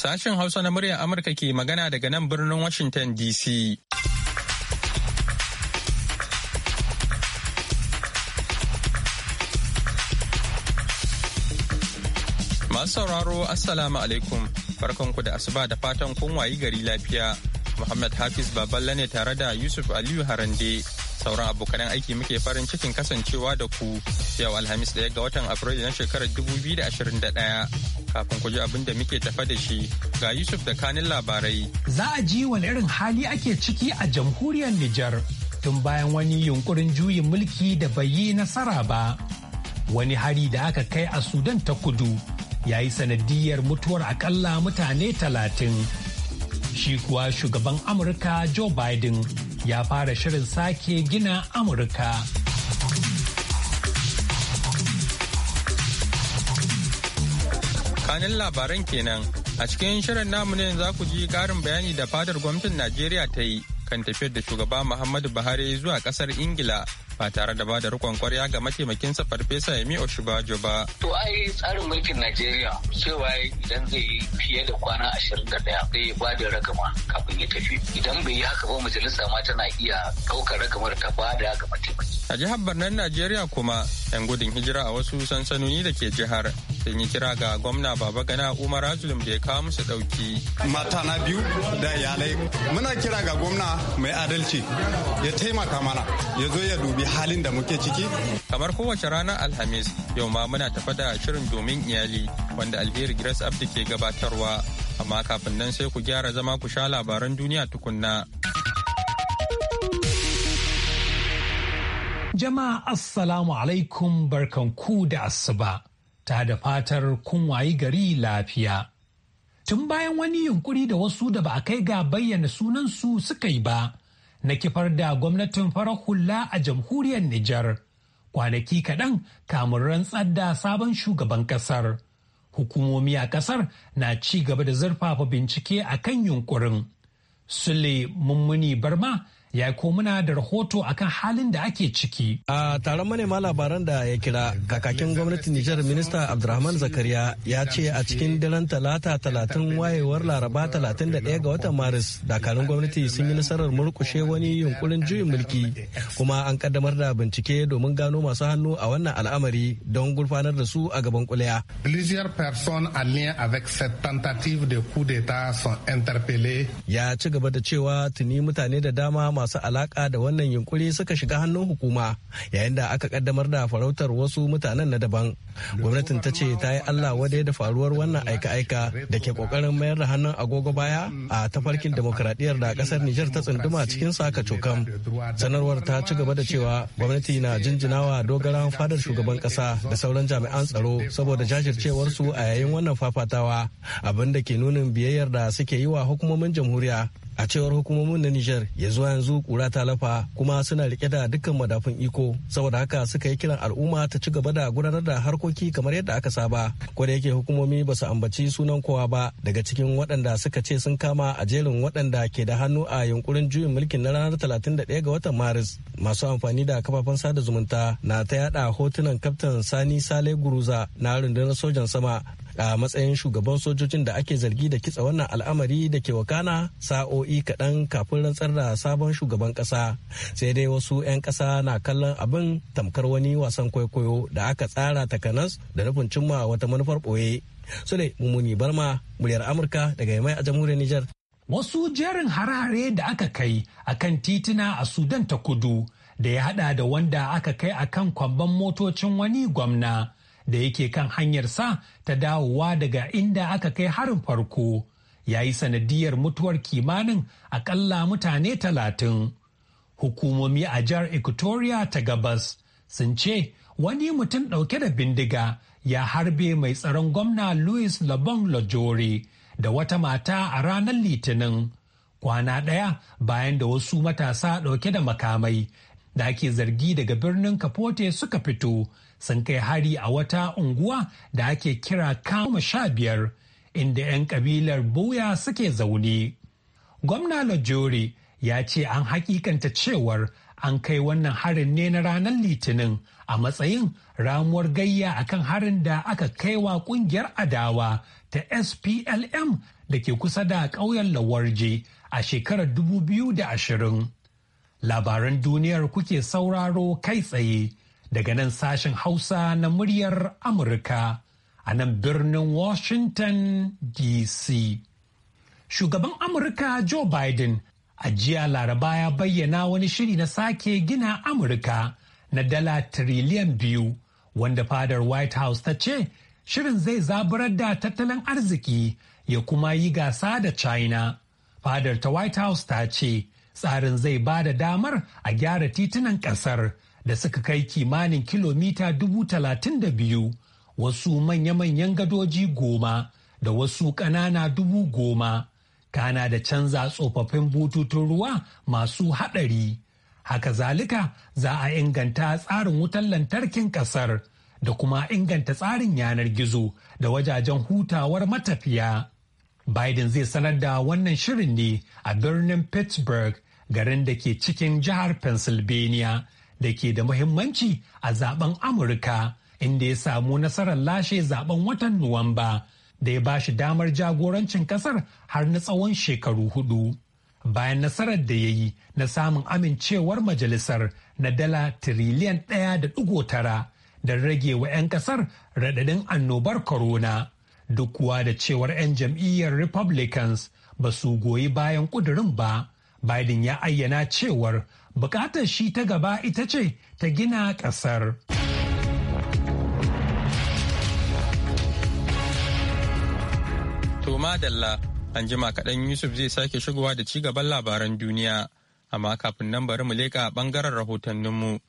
Sashen Hausa na muryar Amurka ke magana daga nan birnin Washington DC. Masu sauraro Assalamu alaikum farkonku da asuba da fatan kun wayi gari lafiya. Muhammad Hafiz Baballa ne tare da Yusuf Aliyu Harande sauran abokanan aiki muke farin cikin kasancewa da ku yau alhamis daya ga watan afrilu na shekarar ɗaya. kafin ku ji abin da muke tafa da shi ga yusuf da kanin labarai za a ji wani irin hali ake ciki a jamhuriyar nijar tun bayan wani yunkurin juyin mulki da bai yi nasara ba wani hari da aka kai a sudan ta kudu ya yi sanadiyar mutuwar akalla mutane talatin shi kuwa shugaban amurka joe biden ya fara shirin sake gina Amurka. Kanin labaran kenan a cikin shirin namu ne za ku ji karin bayani da fadar gwamnatin Najeriya ta yi kan tafiyar da shugaba Muhammadu Buhari zuwa kasar Ingila ba tare da ba da rukon kwarya ga mataimakin sa farfesa Yemi Oshibajo ba. To ai tsarin mulkin Najeriya cewa idan zai yi fiye da kwana ashirin da daya zai ya ba ragama kafin ya tafi. Idan bai yi haka ba majalisa ma tana iya ɗaukar ragamar ta ba da ga mataimaki. A jihar Barnan Najeriya kuma 'yan gudun hijira a wasu sansanoni da ke jihar sun yi kira ga gwamna Baba Gana Umar Azulum da ya kawo musu ɗauki. Mata na biyu da iyalai muna kira ga gwamna mai adalci ya taimaka mana ya zo ya dubi halin da muke ciki. Kamar kowace ranar Alhamis, yau ma muna tafa da shirin domin iyali wanda Alheri Grace Abdi ke gabatarwa. Amma kafin nan sai ku gyara zama ku sha labaran duniya tukunna. Jama'a Assalamu alaikum barkanku da asuba ta da fatar kun wayi gari lafiya. Tun bayan wani yunkuri da wasu da ba a kai ga bayyana sunansu suka yi ba. na kifar da gwamnatin farar hula a jamhuriyar Nijar. Kwanaki kaɗan kamun rantsar da sabon shugaban ƙasar. Hukumomi a ƙasar na ci gaba da zurfafa bincike a kan yunkurin. Sule Mummuni Barma ya muna da rahoto akan halin da ake ciki. A taron manema labaran da ya kira kakakin gwamnatin Nijar minista Abdulrahman Zakariya ya ce a cikin daren talata talatin wayewar laraba talatin da ɗaya ga watan Maris dakarun gwamnati sun yi nasarar murkushe wani yunkurin juyin mulki kuma an kaddamar da bincike domin gano masu hannu a wannan al'amari don gurfanar da su a gaban kuliya. Plusieurs personnes en lien avec cette tentative de coup d'état sont interpellées. Ya ci gaba da cewa tuni mutane da dama masu alaka da wannan yunkuri suka shiga hannun hukuma yayin da aka kaddamar da farautar wasu mutanen na daban gwamnatin ta ce ta yi allah wadai da faruwar wannan aika-aika da ke kokarin mayar da hannun agogo baya a tafarkin demokradiyyar da kasar nijar ta tsunduma cikin saka cokam sanarwar ta ci gaba da cewa gwamnati na jinjinawa dogaran fadar shugaban kasa da sauran jami'an tsaro saboda jajircewarsu a yayin wannan fafatawa abin da ke nunin biyayyar da suke yi wa hukumomin jamhuriya a cewar hukumomin na Nijar ya zuwa yanzu kura ta lafa kuma suna rike da dukkan madafun iko saboda haka suka yi kiran al'umma ta ci gaba da gudanar da harkoki kamar yadda aka saba ko da yake hukumomi ba su ambaci sunan kowa ba daga cikin waɗanda suka ce sun kama a jerin waɗanda ke da hannu a yunkurin juyin mulkin na ranar 31 ga watan Maris masu amfani da kafafen sada zumunta na ta yada hotunan kaftan Sani Sale Guruza na rundunar sojan sama a matsayin shugaban sojojin da ake zargi da kitsa wannan al'amari da ke wakana sa'o'i kaɗan kafin rantsar da sabon shugaban ƙasa sai dai wasu 'yan ƙasa na kallon abin tamkar wani wasan kwaikwayo da aka tsara takanas da nufin cimma wata manufar ɓoye sule mummuni barma muryar amurka daga yamai a jamhuriyar niger wasu jerin harare da aka kai a kan tituna a sudan ta kudu da ya hada da wanda aka kai akan kwamban motocin wani gwamna da yake kan hanyarsa ta dawowa daga inda aka kai harin farko ya yi sanadiyar mutuwar kimanin akalla mutane talatin. Hukumomi a jihar Equatoria ta gabas sun ce wani mutum ɗauke da bindiga ya harbe mai tsaron gwamna Louis Labon Lajore da wata mata a ranar Litinin. Kwana ɗaya bayan da wasu matasa ɗauke da makamai da ake zargi daga birnin Kapote suka fito sun kai hari a wata unguwa da ake kira kama sha biyar inda 'yan kabilar buya suke zaune. Gwamna Lajore ya ce an hakikanta cewar an kai wannan harin ne na ranar litinin a matsayin ramuwar gayya akan harin da aka kaiwa kungiyar adawa ta SPLM da ke kusa da ƙauyen Lawarje a shekarar 2020. Labaran duniyar kuke sauraro kai tsaye daga nan sashen Hausa na muryar Amurka a nan birnin Washington DC. Shugaban Amurka Joe Biden a jiya Laraba ya bayyana wani shiri na sake gina Amurka na dala tiriliyan biyu wanda fadar White House ta ce shirin zai zaburar da tattalin arziki ya kuma yi gasa da China. Fadar ta White House ta ce tsarin zai ba da damar a gyara titunan ƙasar. da suka kai kimanin kilomita dubu talatin da biyu wasu manya-manyan gadoji goma da wasu ƙanana dubu goma kana da canza tsofaffin bututun ruwa masu haɗari haka zalika za a inganta tsarin wutar lantarkin ƙasar da kuma inganta tsarin yanar gizo da wajajen hutawar matafiya biden zai sanar da wannan shirin ne a birnin pittsburgh garin da ke cikin jihar pennsylvania da ke da muhimmanci a zaben Amurka inda ya samu nasarar lashe zaben watan Nuwamba da ya ba shi damar jagorancin kasar har na tsawon shekaru hudu. Bayan nasarar da ya yi na samun amincewar majalisar na dala tiriliyan ɗaya da ɗigo tara da rage wa 'yan kasar raɗaɗin annobar corona. Duk kuwa da cewar 'yan jam'iyyar Republicans ba su goyi bayan ƙudurin ba, Biden ya ayyana cewar bukatar shi ta gaba ita ce ta gina ƙasar. to madalla an jima kaɗan Yusuf zai sake shigowa da cigaban labaran duniya, amma kafin nan bari mu leƙa ɓangaren rahotanninmu.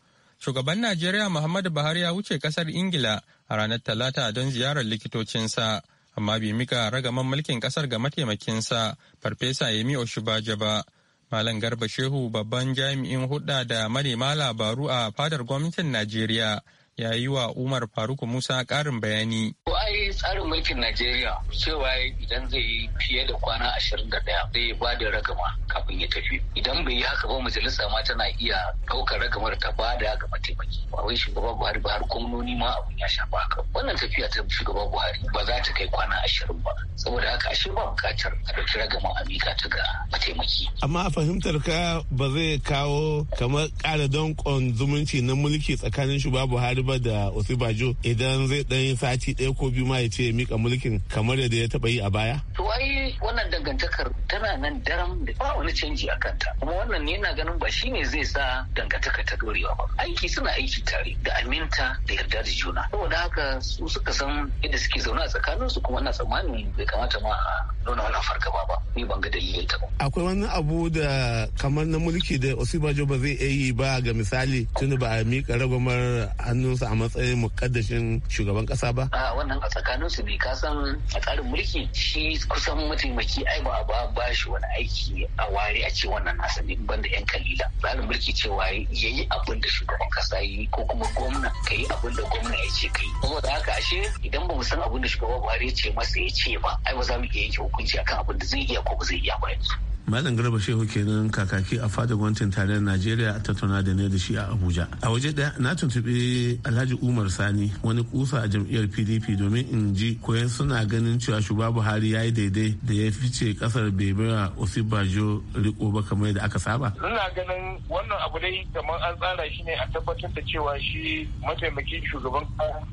Shugaban Najeriya Muhammadu Buhari ya wuce ƙasar Ingila a ranar Talata don ziyarar likitocinsa, amma bai mika ragaman mulkin ƙasar ga mataimakinsa, Farfesa Yemi oshubaja ba. Malam Garba Shehu babban jami'in hudda da manema labaru a fadar gwamnatin Najeriya ya yi wa Umar Faruku Musa ƙarin bayani. Wai tsarin mulkin Najeriya cewa idan zai yi fiye da kwana ashirin da ɗaya zai yi bada ragama kafin ya tafi. Idan bai yi haka ba majalisa ma tana iya ɗaukar ragamar ta ba da ga mataimaki. wai shugaba Buhari ba har gwamnoni ma abin ya shafa haka. Wannan tafiya ta shugaba Buhari ba za ta kai kwana ashirin ba. Saboda haka ashe ba buƙatar a ɗauki ragama a miƙa ta ga mataimaki. Amma a fahimtar ka ba zai kawo kamar ƙara danƙon zumunci na mulki tsakanin shugaba Buhari ba da Osibajo idan zai ɗan sati ɗaya ko biyu ma ya ce mika mulkin kamar yadda ya taɓa yi a baya? To ai wannan dangantakar tana nan daram da ba wani canji a kanta kuma wannan ne yana ganin ba shi ne zai sa dangantaka ta dorewa ba. Aiki suna aiki tare da aminta da yarda da juna. Saboda haka su suka san yadda suke zaune a su kuma ina tsammani bai kamata ma a nuna wani fargaba ba ni ban ga dalilin ta ba. Akwai wani abu da kamar na mulki da Osibajo ba zai iya yi ba ga misali tun ba a mika ragwamar hannu sa a matsayin mukaddashin shugaban kasa ba? A wannan a tsakanin su ne kasan a tsarin mulki shi kusan mataimaki ai ba a ba shi wani aiki a ware a ce wannan nasa ne banda yan kalila. Tsarin mulki cewa ya yi abin da shugaban kasa yi ko kuma gwamna ka yi abin da gwamna ya ce ka yi. Saboda haka ashe idan ba mu san abin da shugaban Buhari ya ce masa ya ce ba ai ba za mu iya yanke hukunci akan abin da zai iya ko ba zai iya ba yanzu. malam garba shehu kenan kakaki a fadar gwamnatin tarayyar najeriya a tattauna da ne da shi a abuja a waje daya na tuntuɓi alhaji umar sani wani kusa a jam'iyyar pdp domin in ji koyan suna ganin cewa shugaba buhari ya yi daidai da ya fice kasar bai baiwa osibajo riko ba kamar yadda aka saba ina ganin wannan abu dai kamar an tsara shi ne a tabbatar da cewa shi mataimakin shugaban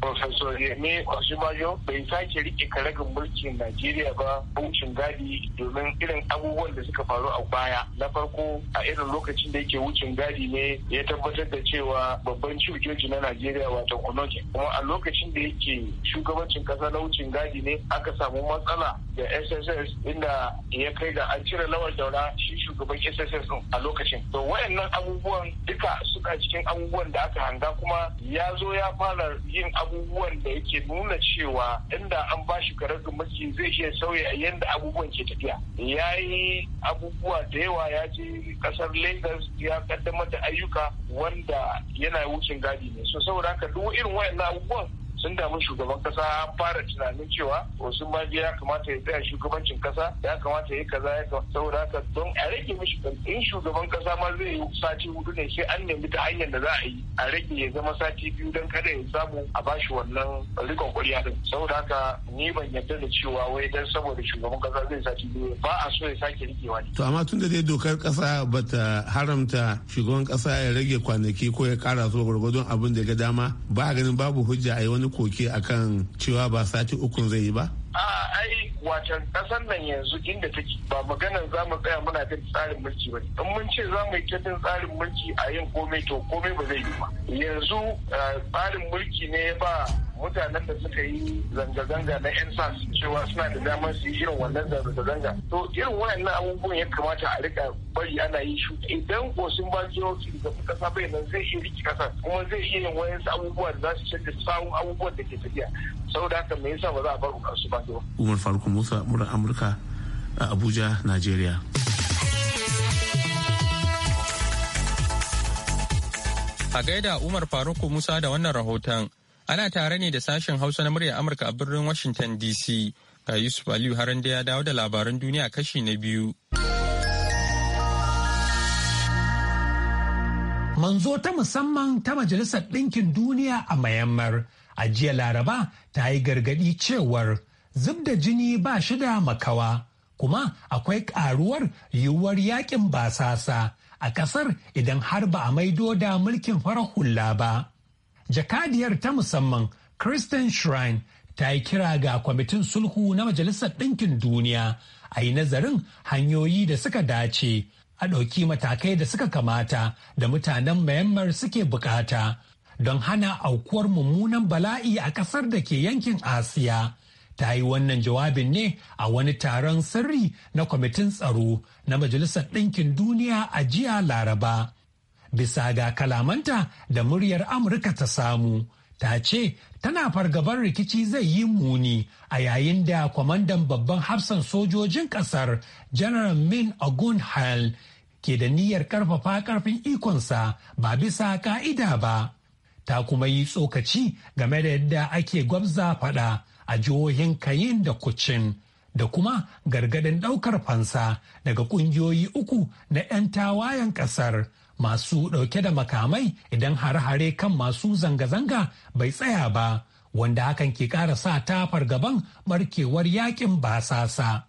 professor yemi osibajo bai sake rike karagan mulkin najeriya ba bucin gadi domin irin abubuwan da suka suka faru a baya na farko a irin lokacin da yake wucin gadi ne ya tabbatar da cewa babban ciwojoji na najeriya wato onoke kuma a lokacin da yake shugabancin kasa na wucin gadi ne aka samu matsala da sss inda ya kai ga an cire lawar daura shi shugaban sss a lokacin to wayannan abubuwan duka suka cikin abubuwan da aka hanga kuma ya zo ya fara yin abubuwan da yake nuna cewa inda an ba shi karar maki zai iya sauya yadda abubuwan ke tafiya ya abubuwa da yawa ya je kasar lagos ya kaddamar da ayyuka wanda yana wucin gadi ne so saboda haka duk irin wayannan abubuwan sun damu shugaban kasa fara tunanin cewa wasu ma ya kamata ya tsaya shugabancin kasa ya kamata ya kaza ya kamata saboda haka don a rage mishi in shugaban kasa ma zai yi sati hudu ne sai an nemi ta hanyar da za a yi a rage ya zama sati biyu don kada ya samu a bashi wannan rikon kuriya din saboda haka ni ban yarda da cewa wai dan saboda shugaban kasa zai sati biyu ba a so ya sake rikewa ne. to amma tun da dai dokar kasa bata haramta shugaban kasa ya rage kwanaki ko ya kara so gwargwadon abin da ga dama ba ganin babu hujja a yi wani wani koke akan cewa ba sati ukun zai yi ba? A'a ai watan kasar nan yanzu inda take ba maganar za mu tsaya muna bin tsarin mulki ba. In mun ce za mu yi bin tsarin mulki a yin komai to komai ba zai yi ba. Yanzu tsarin mulki ne ba mutanen da suka yi zanga-zanga na yan sas cewa suna da damar su yi irin wannan zanga-zanga to irin wayannan abubuwan ya kamata a rika bari ana yi shu idan sun ba su da kasa bai nan zai iya riki kasa kuma zai iya yin su abubuwa da za su shirya sawun abubuwan da ke tafiya saboda haka me yasa ba za a bar su ba Umar Faruk Musa murar Amurka a Abuja, nigeria. A gaida Umar faruk Musa da wannan rahoton Ana tare ne da sashen Hausa na murya Amurka a birnin Washington DC. Ga Yusuf Aliyu haran da ya dawo da labaran duniya kashi na biyu. Manzo ta musamman ta Majalisar Ɗinkin Duniya a Myanmar a jiya Laraba ta yi gargaɗi cewar zub da jini ba shi da makawa kuma akwai ƙaruwar yiwuwar yakin basasa a ƙasar idan har ba a maido da mulkin farar hula ba. jakadiyar ta musamman Kristen Shrine ta yi kira ga kwamitin sulhu na Majalisar Ɗinkin Duniya a yi nazarin hanyoyi da suka dace a ɗauki matakai da suka kamata da mutanen Myanmar suke bukata don hana aukuwar mummunan bala'i a ƙasar da ke yankin Asiya. Ta yi wannan jawabin ne a wani taron sirri na kwamitin tsaro na Majalisar Ɗinkin Duniya a jiya Laraba. bisa ga kalamanta da muryar amurka ta samu ta ce tana fargabar rikici zai yi muni a yayin da kwamandan babban hafsan sojojin kasar general min ogun hal ke da niyyar karfafa karfin ikonsa ba bisa ka'ida ba ta kuma yi tsokaci game da yadda ake gwabza fada a jihohin kayin da kucin da kuma gargadin daukar fansa daga kungiyoyi uku na 'yan tawayen kasar masu ɗauke da makamai idan hare-hare kan masu zanga-zanga bai tsaya ba wanda hakan ke ƙara sa ta fargaban barkewar yakin basasa.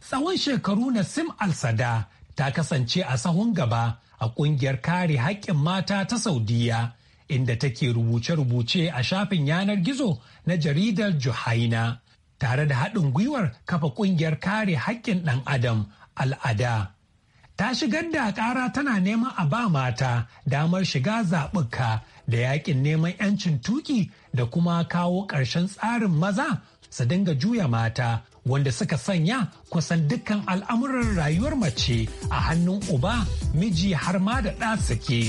Tsawon shekaru na Sim Al-Sada ta kasance a sahun gaba a ƙungiyar kare haƙƙin mata ta Saudiya inda take rubuce-rubuce a shafin yanar gizo na jaridar Juhaina tare da haɗin gwiwar kafa ƙungiyar kare haƙƙin ɗan Adam al'ada. ta shigar da kara tana neman a ba mata damar shiga zaɓuka da yakin neman 'yancin tuki da kuma kawo ƙarshen tsarin maza su dinga juya mata wanda suka sanya kusan dukkan al'amuran rayuwar mace a hannun uba miji har ma da ɗa suke.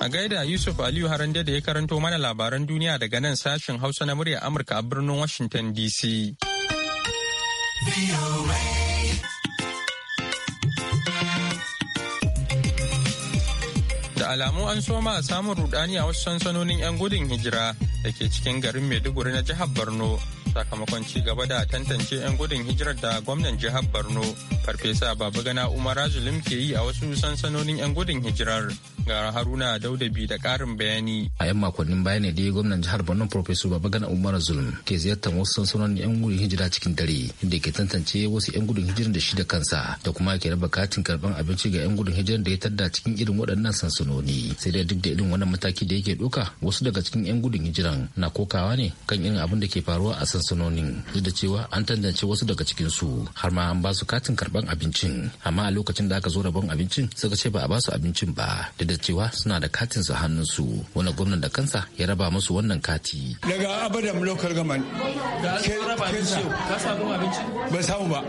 A gaida Yusuf Aliyu Harande da ya karanto mana labaran duniya daga nan sashen Hausa na murya Amurka a birnin Washington DC. be away. alamu an soma samun rudani a wasu sansanonin 'yan gudun hijira da ke cikin garin maiduguri na jihar borno sakamakon ci gaba da tantance 'yan gudun hijirar da gwamnan jihar borno farfesa babagana umar zulum ke yi a wasu sansanonin 'yan gudun hijirar ga haruna daudabi da karin bayani a 'yan makonnin baya ne dai gwamnan jihar borno farfesa babagana umar zulum ke ziyartar wasu sansanonin 'yan gudun hijira cikin dare inda ke tantance wasu 'yan gudun hijirar da shi da kansa da kuma ke raba katin karban abinci ga 'yan gudun hijirar da ya tadda cikin irin waɗannan sansanoni zaune sai dai duk da irin wannan mataki da yake doka wasu daga cikin 'yan gudun hijiran na kokawa ne kan irin abin da ke faruwa a sansanonin duk da cewa an tantance wasu daga cikin su har ma an ba su katin karban abincin amma a lokacin da aka zo rabon abincin suka ce ba a ba su abincin ba duk da cewa suna da katin su hannun su wani gwamnan da kansa ya raba musu wannan kati daga abadam local government ba samu ba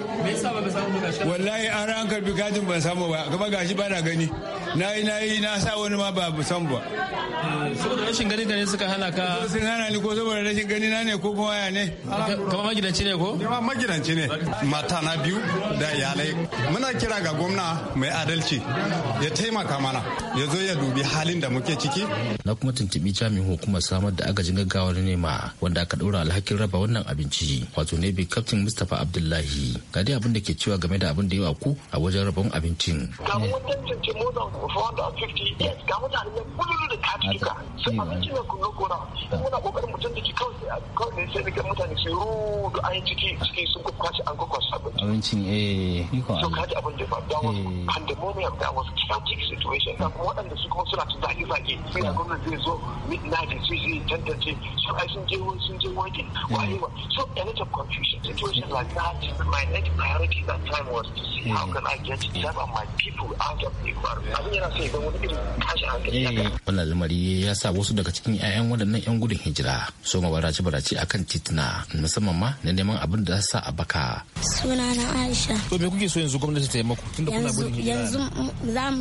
wallahi an ran karbi katin ba samu ba kuma gashi ba na gani na yi na yi na sa wani ma ba san ba saboda rashin gani da ne suka hana ka sun hana ni ko saboda rashin gani na ne ko kuma ya ne kama magidanci ne ko Kama magidanci ne mata na biyu da iyalai muna kira ga gwamna mai adalci ya taimaka mana ya zo ya dubi halin da muke ciki na kuma tuntuɓi jami'in hukumar samar da agajin gaggawar nema wanda aka ɗora alhakin raba wannan abinci wato ne bi kaftin mustapha abdullahi ga dai abin da ke cewa game da abin da yi wa ku a wajen rabon abincin. Kamun tantance 450 yes ga mutane ne kullum da katika sai abinci ne kun gora muna kokarin mutum da ke kawai kawai ne sai da mutane sai rudu an ciki ciki sun kwace an kwace abinci abincin eh ni ko so kaji abin da ba da was eh. pandemonium that was chaotic situation da kuma waɗanda su kuma suna tun zaki zaki sai da gwamnati zai zo midnight sai zai tantance so ai sun je wani sun je wani eh. wayewa so a lot of confusion situation like that my next priority that time was to see how eh. can I get them and my people out of the environment abin eh, hankali wannan lamari ya sa wasu daga cikin 'ya'yan waɗannan 'yan gudun hijira so ma barace barace akan tituna musamman ma na neman abin da sa a baka suna na aisha to me kuke so yanzu gwamnati ta taimako tunda kuna gudun hijira yanzu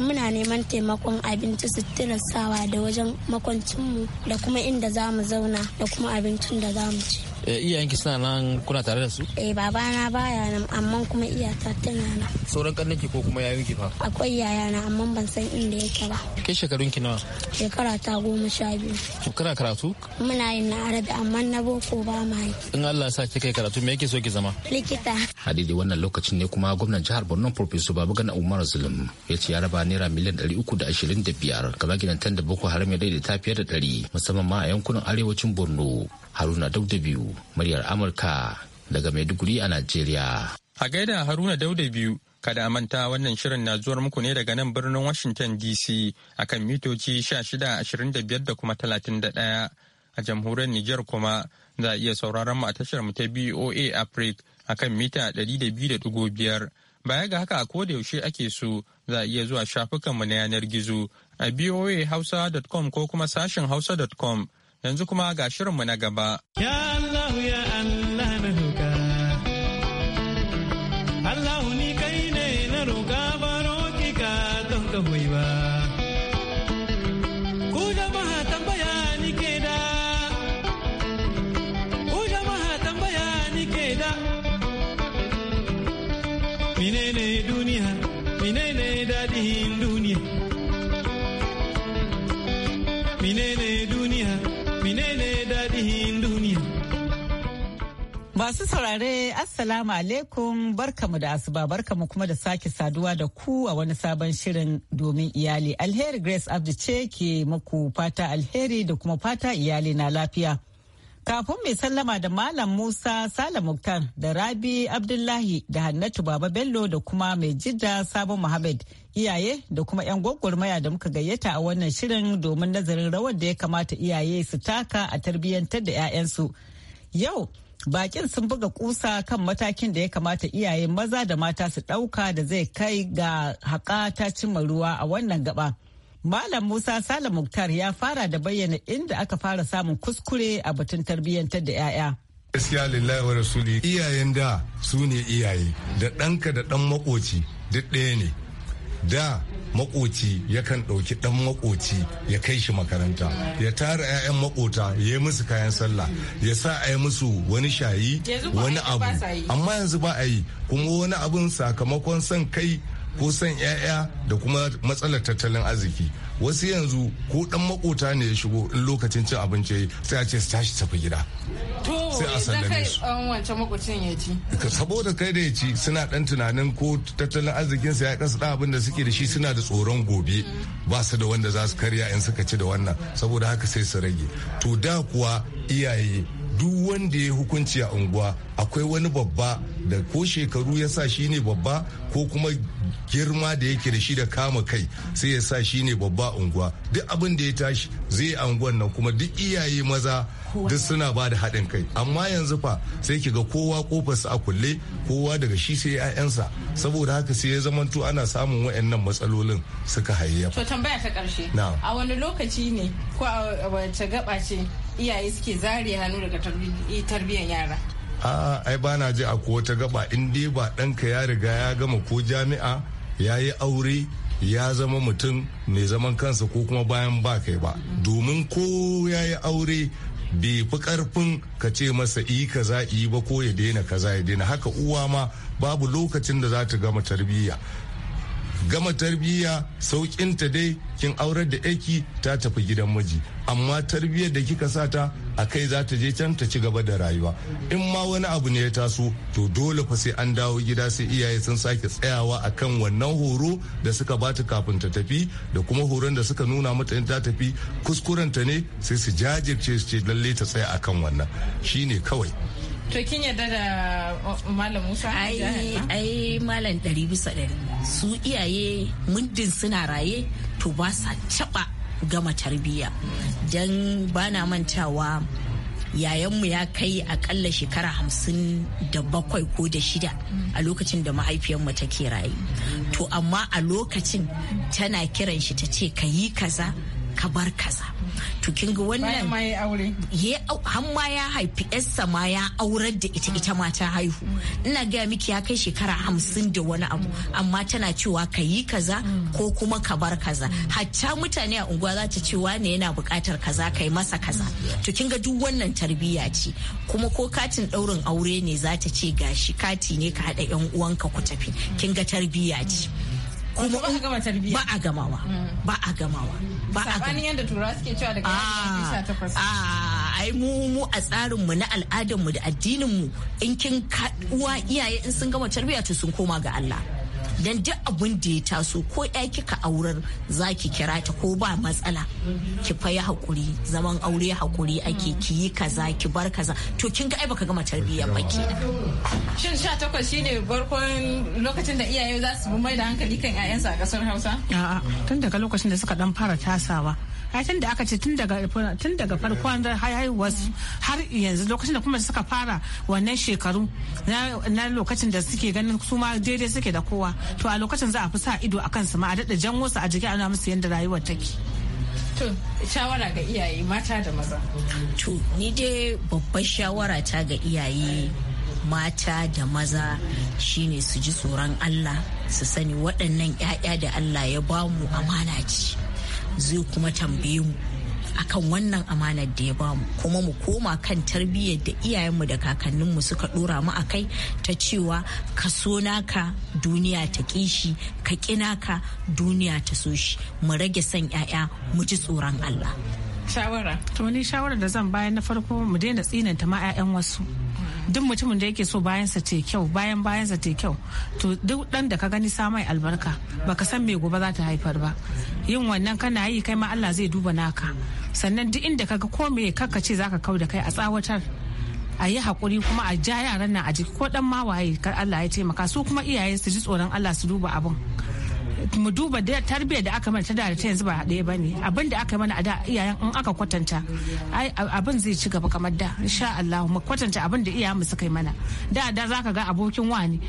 muna neman taimakon abinci sutura sawa da wajen makwancinmu da kuma inda za mu zauna da kuma abincin da za mu ci Eh, iyayenki suna nan kuna tare da su eh na baya nan amma kuma iyata tana nan sauran kannanki ko kuma yayinki fa akwai yaya na amma ban san inda yake ba kai shekarun ki nawa shekara ta goma sha biyu kana karatu muna yin na arabi amma na boko ba ma yi in Allah ya sa kika karatu me yake so ki zama likita a daidai wannan lokacin ne kuma gwamnan jihar borno professor babagana umar zulum ya ce ya raba naira miliyan 325 ga maginantan da boko haram ya daidaita fiye da 100 musamman ma a yankunan arewacin borno haruna Dauda biyu muryar amurka daga maiduguri a najeriya a gaida haruna Dauda biyu kada a manta wannan shirin na zuwar muku ne daga nan birnin washington dc akan mitoci 1625 da kuma da 31 a jamhuriyar niger kuma za a iya sauraron mu a tashar mu ta boa africa akan mita 200.5 baya ga haka a koda yaushe ake so za a iya zuwa shafukanmu na yanar gizo a voahausa.com ko kuma sashen hausa.com yanzu kuma ga shirinmu na gaba. Masu saurare Assalamu alaikum barkamu da asuba barkamu kuma da sake saduwa da ku a wani sabon shirin domin iyali. Alheri Grace Abdi ce ke muku fata alheri da kuma fata iyali na lafiya. Kafin mai sallama da Malam Musa Sale Muktar da Rabi Abdullahi da Hannatu Baba Bello da kuma mai jidda Sabo Muhammad iyaye da kuma 'yan gwagwarmaya da muka gayyata a wannan shirin domin nazarin rawar da ya kamata iyaye su taka a tarbiyyantar da 'ya'yansu. Yau bakin sun buga kusa kan matakin da ya kamata iyaye maza da mata su ɗauka da zai kai ga haƙa ta cimma ruwa a wannan gaba. Malam Musa Sale Muktar ya fara da bayyana inda aka fara samun kuskure a batun tarbiyyantar da 'ya'ya. Gaskiya lillahi wa rasuli iyayen da su ne iyaye da ɗanka da ɗan makoci duk ɗaya ne. Da makoci yakan ɗauki ɗan makoci ya kai shi makaranta ya tara 'ya'yan makota ya yi musu kayan sallah ya sa a yi musu wani shayi wani abu amma yanzu ba a yi kuma wani abun sakamakon son kai ko san 'ya'ya da kuma matsalar tattalin arziki wasu yanzu ko dan makota ne ya shigo in lokacin cin abinci sai a ce su tashi tafi gida sai a sallame su wancan makocin ya ci saboda kai da ya ci suna dan tunanin ko tattalin arzikin sa ya kasa da abin da suke da shi suna da tsoron gobe ba su da wanda za su karya in suka ci da wannan saboda haka sai su rage to da kuwa iyaye duk wanda ya hukunci a unguwa akwai wani babba da ko shekaru ya sa shi ne babba ko kuma girma da yake da shi da kama kai sai ya sa shi ne babba unguwa duk abin da ya tashi zai unguwan nan kuma duk iyaye maza duk suna ba da haɗin kai amma yanzu fa sai ki ga kowa kofarsa a kulle kowa daga shi sai ya'yansa saboda haka sai ya zamanto ana samun wayannan matsalolin suka hayayyafa to tambaya ta karshe a wani lokaci ne ko a wace gaba ce iyaye suke zare hannu daga tarbiyyar yara a ai ba na ji a ko wata gaba in dai ba ɗanka ya riga ya gama ko jami'a ya yi aure ya zama mutum mai zaman kansa ko kuma bayan ba kai ba domin ko ya yi aure bai fi karfin ka ce masa yi kaza yi ba ko ya daina kaza ya daina haka uwa ma babu lokacin da za ta gama tarbiyya gama tarbiyya sauƙinta dai kin aurar da aiki ta tafi gidan miji amma tarbiyyar da kika sata a kai za ta je can ta ci gaba da rayuwa in ma wani abu ne ya taso to dole fa sai an dawo gida sai iyaye sun sake tsayawa akan wannan horo da suka bata kafin ta tafi da kuma horon da suka nuna mata in ta tafi kuskurenta ne sai su jajirce su ce lalle ta tsaya akan wannan shine kawai to kin yarda da malam musa ai malam ɗari bisa ɗari su iyaye mundin suna raye to ba sa taɓa gama tarbiyya don ba na mantawa yayanmu ya kai akalla shekara hamsin da bakwai ko da shida a lokacin da mahaifiyarmu take raye to amma a lokacin tana kiran shi ta ce ka yi kaza ka bar kaza to kin ga wannan ma ya aure ye har ma ya haifi yarsa ma ya aurar da ita ita ma ta haihu ina gaya miki ya kai shekara hamsin da wani abu amma tana cewa ka yi kaza ko kuma ka bar kaza hatta mutane a unguwa za ta ce wane yana bukatar kaza kai masa kaza to kin ga duk wannan tarbiyya ce kuma ko katin daurin aure ne za ta ce gashi kati ne ka haɗa yan uwanka ku tafi kin ga tarbiyya ce kuma ba a gama tarbiyya mm. ba a gamawa ba a gamawa ba a gamawa yadda turawa suke cewa daga ah, a ah, ai mu mu a tsarin mu na al'adar mu da addinin mu in kin uwa iyaye in sun gama tarbiyya to sun koma ga Allah don duk abin da ya taso ko ya kika aurar za ki kira ta ko ba matsala ki fayi hakuri zaman aure hakuri ake ki yi kaza ki bar kaza to kin ga ai baka gama tarbiyyar ba ke shin 18 shine barkon lokacin da iyaye za su mai da hankali kan 'ya'yansu a kasar Hausa a'a tun daga lokacin da suka dan fara tasawa ai tun da aka ce tun daga tun daga farkon haihuwar har yanzu lokacin da kuma suka fara wannan shekaru na lokacin da suke ganin su ma daidai suke da kowa to a lokacin za a fi sa ido a kansu ma a daɗa jan wasu a jiki ana musu yadda rayuwar take to shawara ga iyaye mata da maza to ni dai babbar shawara ta ga iyaye mata da maza shine su ji tsoron Allah su sani waɗannan 'ya'ya da Allah ya bamu amana ce zai kuma tambaye mu akan wannan amanar da ya bamu kuma mu koma kan tarbiyyar da iyayenmu da kakanninmu suka dora mu a kai ta cewa ka so naka duniya ta kishi ka kinaka duniya ta so shi mu rage son 'ya'ya mu ji tsoron Allah shawara to ni shawara da zan bayar na farko mu daina tsinanta ma 'ya'yan wasu duk mutumin da yake so bayansa te kyau bayan bayansa te kyau to duk dan da ka gani samai albarka baka san me gobe za ta haifar ba yin wannan kana yi kai ma Allah zai duba naka sannan duk inda kaga ko me kaka ce zaka kau da kai a tsawatar a yi hakuri kuma a ja yaran nan a jiki ko dan ma waye kar Allah ya taimaka su kuma iyaye su ji tsoron Allah su duba abun. mu duba tarbiyyar da aka mana ta da ta yanzu ba ɗaya ba ne abin da aka mana a da iyayen in aka kwatanta abin zai ci gaba kamar da insha Allah mu kwatanta abin da iyayen mu suka yi mana da da zaka ga abokin wani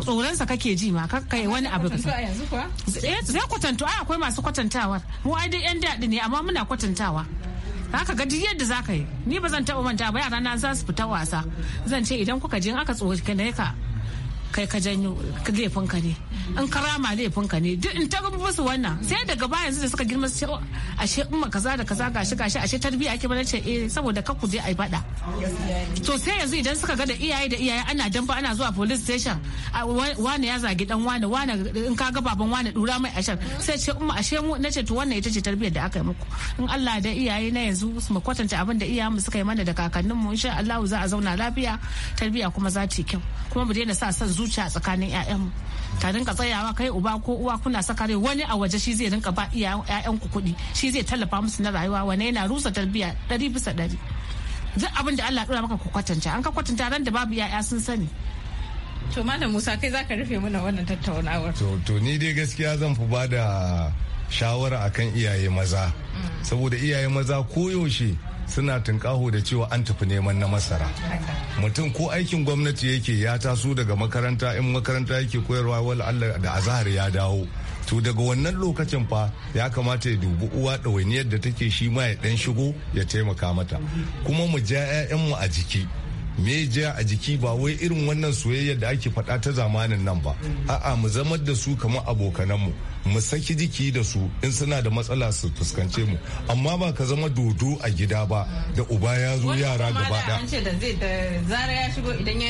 tsoronsa kake ji ma kaka kai wani abu zai eh, kwatanto ai akwai masu kwatantawa mu ai dai yan daɗi ne amma muna kwatantawa haka ga duk yadda ka yi ni ba zan taɓa manta ba yara na za su fita wasa zan ce idan kuka je aka tsoro ka kai ka janyo ka ne in karama ka ne duk in ta musu wannan sai daga baya yanzu da suka girma su ce oh, ashe ma kaza da kaza gashi gashi ashe tarbiyya ake bada ce eh saboda ka ku je ai bada to sai yanzu idan suka ga da iyaye da iyaye ana damba ana zuwa police station wani ya zagi dan wani wani in ka ga baban wani dura mai ashar sai ce umma ashe mu nace to wannan ita ce tarbiyar da aka yi muku in Allah da iyaye na yanzu su mu kwatanta abin da iyayenmu suka yi mana da kakanninmu insha Allah za a zauna lafiya tarbiyya kuma za ta yi kyau kuma mu daina sa san zuciya tsakanin 'ya'yanmu ta rinka tsayawa kai uba ko uwa kuna saka rai wani a waje shi zai rinka ba ku kuɗi shi zai tallafa musu na rayuwa wani yana rusa tarbiyya ɗari bisa ɗari duk abin da Allah ya maka ku kwatanta an ka kwatanta ran da babu yaya sun sani to malam Musa kai zaka rufe mana wannan tattaunawar to to ni dai gaskiya zan fi bada shawara akan iyaye maza mm. saboda iyaye maza koyaushe suna tunkaho da cewa an tafi neman na masara mutum ko aikin gwamnati yake ya taso daga makaranta in makaranta yake koyarwa wala Allah da azahar ya dawo to daga wannan lokacin fa ya kamata ya dubi uwa ɗawainiyar da take shi ma ya ɗan shigo ya taimaka mata kuma mu ja 'ya'yanmu a jiki me ja a jiki ba wai irin wannan soyayya da ake faɗa ta zamanin nan ba a'a mu zamar da su kamar abokananmu mu saki jiki da su in suna da matsala su fuskance mu amma ba ka zama dodo a gida ba da uba ya zo yara gaba da an ce da zai da zara ya shigo idan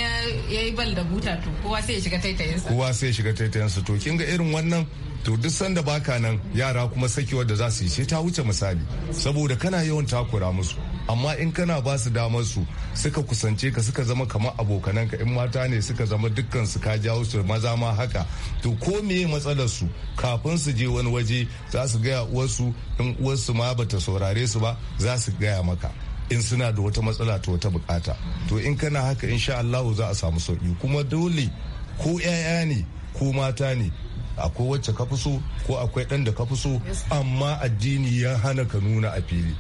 ya yi bal da buta to kowa sai ya shiga taitayensa kowa sai ya shiga taitayensa to kin ga irin wannan to duk sanda baka nan yara kuma sakewar da za su yi sai ta wuce misali saboda kana yawan takura musu amma in kana ba su damar su suka kusance ka suka zama kamar abokananka in mata ne suka zama dukkan su ka jawo su maza ma haka to ko meye matsalar su kafin su je wani waje za su gaya uwarsu in uwarsu ma bata saurare su ba za su gaya maka in suna da wata matsala ta wata bukata to in kana haka insha Allah za a samu sauki kuma dole ko 'ya'ya ne ko mata ne akwai wacce ka fi so ko akwai dan da ka fi so amma addini ya hana ka nuna a fili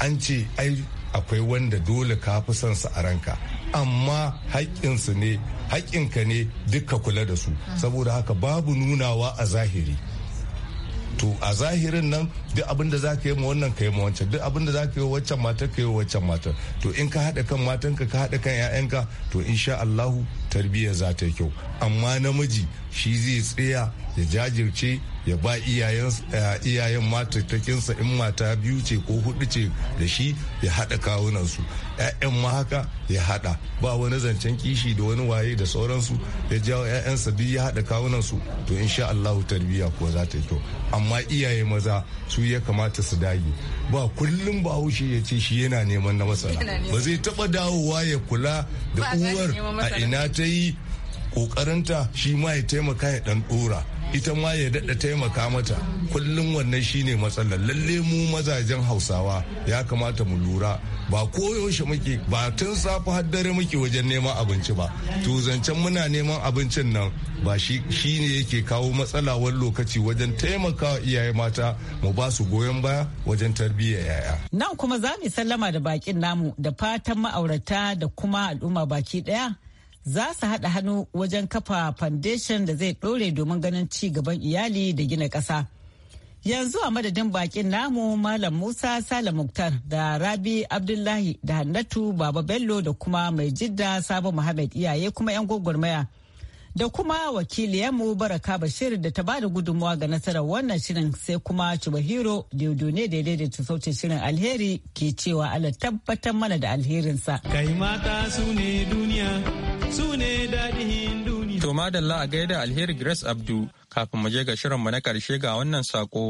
an ce ai akwai wanda dole ka fi son su a ranka amma haƙƙinsu ne haƙƙinka ne duka kula da su saboda haka babu nunawa a zahiri to a zahirin nan duk abin da za ka yi ma wannan ka yi ma wancan duk abin da za ka yi waccan matar ka yi waccan matar to in ka haɗa kan matanka ka haɗa kan 'ya'yanka to insha Allahu tarbiyya za ta yi kyau amma namiji shi zai tsaya ya jajirce ya ba eh, iyayen matattakinsa in mata biyu ce ko hudu ce da shi ya haɗa kawunansu 'ya'yan ma haka ya haɗa ba wani zancen kishi da wani waye da sauransu ya jawo 'ya'yansa biyu ya haɗa kawunansu to insha Allahu tarbiyya kuwa za ta yi kyau amma iyaye maza su ya kamata su dage ba kullum ba haushe ya ce shi yana neman na masana ba zai taɓa dawowa ya kula da uwar a ina ta yi ƙoƙarinta shi ma ya taimaka ya ɗan ɗora ita ma ya daɗa taimaka mata kullum wannan shine matsalar lalle mu mazajen hausawa ya kamata mu lura ba koyaushe muke ba tun safe haddare muke wajen neman abinci ba to zancen muna neman abincin nan ba shi ne yake kawo matsala wani lokaci wajen taimakawa iyaye mata mu ba su goyon baya wajen tarbiyyar yaya nan kuma za mu sallama da bakin namu da fatan ma'aurata da kuma al'umma baki daya za su haɗa hannu wajen kafa foundation da zai ɗore domin ganin ci gaban iyali da gina ƙasa. Yanzu a madadin bakin namu Malam Musa Salam Muktar da Rabi Abdullahi da Hannatu Baba Bello da kuma mai jidda Sabo Muhammad iyaye kuma 'yan gwagwarmaya. Da kuma wakiliyarmu Baraka Bashir da ta ba da gudunmawa ga nasarar wannan shirin sai kuma Chubahiro ne da ta sauke shirin alheri ke cewa Allah tabbatar mana da alherinsa. Kai mata su ne duniya madalla a gaida alheri Grace Abdu kafin mu je ga shirinmu na karshe ga wannan sako.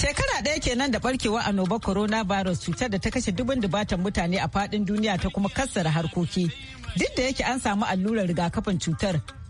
Shekara ɗaya kenan da barkewa annoba Virus cutar da ta kashe dubin dubatan mutane a faɗin duniya ta kuma kassara harkoki. Duk da yake an samu allurar rigakafin cutar,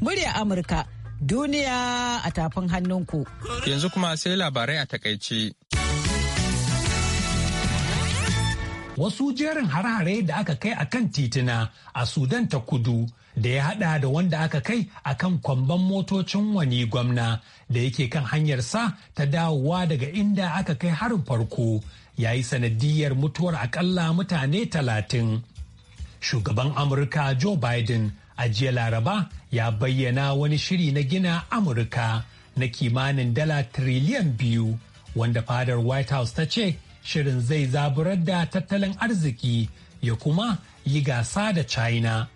murya Amurka duniya a tafin hannunku. Yanzu kuma sai labarai a takaice. Wasu jerin hare-hare da aka kai a kan titina a Sudan ta kudu da ya hada da wanda aka kai a kan kwamban motocin wani gwamna da yake kan hanyar sa ta dawowa daga inda aka kai harin farko ya yi sanadiyar mutuwar akalla mutane talatin. Shugaban Amurka Joe Biden a jiya laraba ya bayyana wani shiri na gina amurka na kimanin dala triliyan biyu wanda fadar white house ta ce shirin zai zaburar da tattalin arziki ya kuma yi gasa da china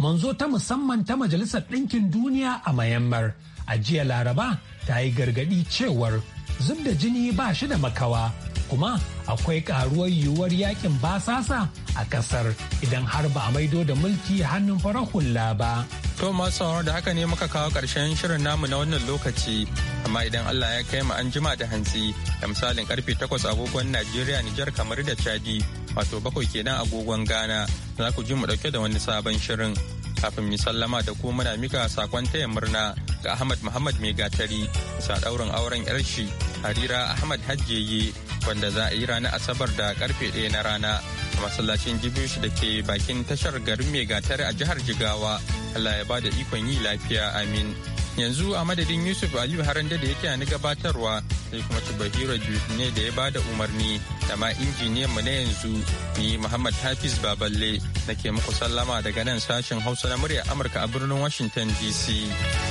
manzo ta musamman ta majalisar ɗinkin duniya a mayammar a jiya laraba ta yi gargaɗi cewar zub da jini ba shi da makawa kuma akwai karuwar yiwuwar yakin basasa a kasar idan har ba a maido da mulki hannun farar hula ba. To masu da haka ne muka kawo ƙarshen shirin namu na wannan lokaci amma idan Allah ya kai mu an jima da hantsi da misalin karfe takwas agogon Najeriya Nijar kamar da Chadi wato bakwai kenan agogon Ghana za ku ji mu ɗauke da wani sabon shirin kafin mu sallama da ku muna mika sakon taya murna ga Ahmad Muhammad mai gatari sa ɗaurin auren yar shi Harira Ahmad Hajjeye wanda za a yi ranar asabar da karfe ɗaya na rana masallacin jibish da ke bakin tashar garin mai gatari a jihar jigawa allah ya bada ikon yi lafiya amin yanzu a madadin yusuf aliyu haran da yake na gabatarwa sai kuma ci bahira ne da ya bada umarni da ma injiniyan mu na yanzu ni muhammad hafiz baballe nake muku sallama daga nan sashen hausa na murya amurka a birnin washington dc